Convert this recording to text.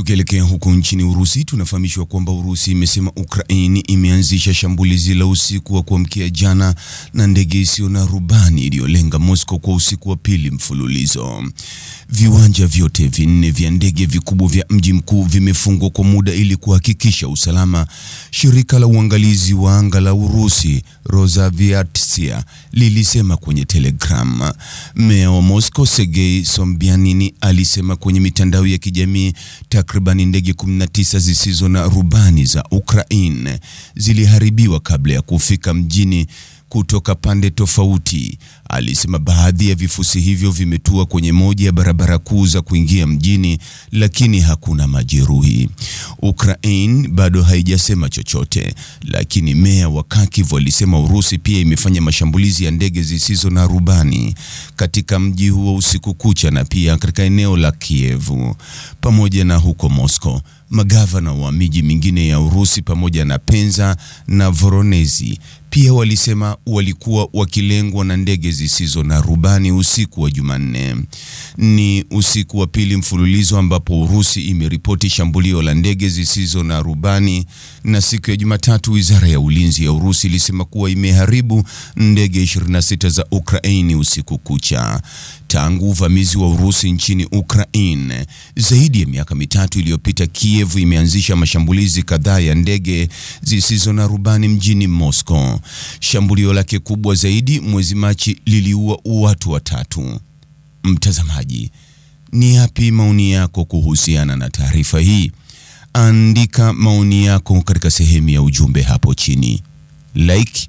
Tukielekea huko nchini Urusi, tunafahamishwa kwamba Urusi imesema Ukraini imeanzisha shambulizi la usiku wa kuamkia jana na ndege isiyo na rubani iliyolenga Moscow kwa usiku wa pili mfululizo. Viwanja vyote vinne vya ndege vikubwa vya mji mkuu vimefungwa kwa muda ili kuhakikisha usalama. Shirika la uangalizi wa anga la Urusi, Rosaviatsia, lilisema kwenye Telegram. Meya wa Moscow, Sergei Sobyanin, alisema kwenye mitandao ya kijamii takribani ndege 19 zisizo na rubani za Ukraine ziliharibiwa kabla ya kufika mjini kutoka pande tofauti. Alisema baadhi ya vifusi hivyo vimetua kwenye moja ya barabara kuu za kuingia mjini, lakini hakuna majeruhi. Ukraine bado haijasema chochote, lakini meya wa Kharkiv alisema Urusi pia imefanya mashambulizi ya ndege zisizo na rubani katika mji huo usiku kucha na pia katika eneo la Kiev pamoja na huko Moscow. Magavana wa miji mingine ya Urusi pamoja na Penza na Voronezi pia walisema walikuwa wakilengwa na ndege zisizo na rubani usiku wa Jumanne. Ni usiku wa pili mfululizo ambapo Urusi imeripoti shambulio la ndege zisizo na rubani, na siku ya Jumatatu Wizara ya Ulinzi ya Urusi ilisema kuwa imeharibu ndege 26 za Ukraini usiku kucha. Tangu uvamizi wa Urusi nchini Ukraine zaidi ya miaka mitatu iliyopita, Kiev imeanzisha mashambulizi kadhaa ya ndege zisizo na rubani mjini Moscow. Shambulio lake kubwa zaidi mwezi Machi liliua watu watatu. Mtazamaji, ni yapi maoni yako kuhusiana na taarifa hii? Andika maoni yako katika sehemu ya ujumbe hapo chini. Like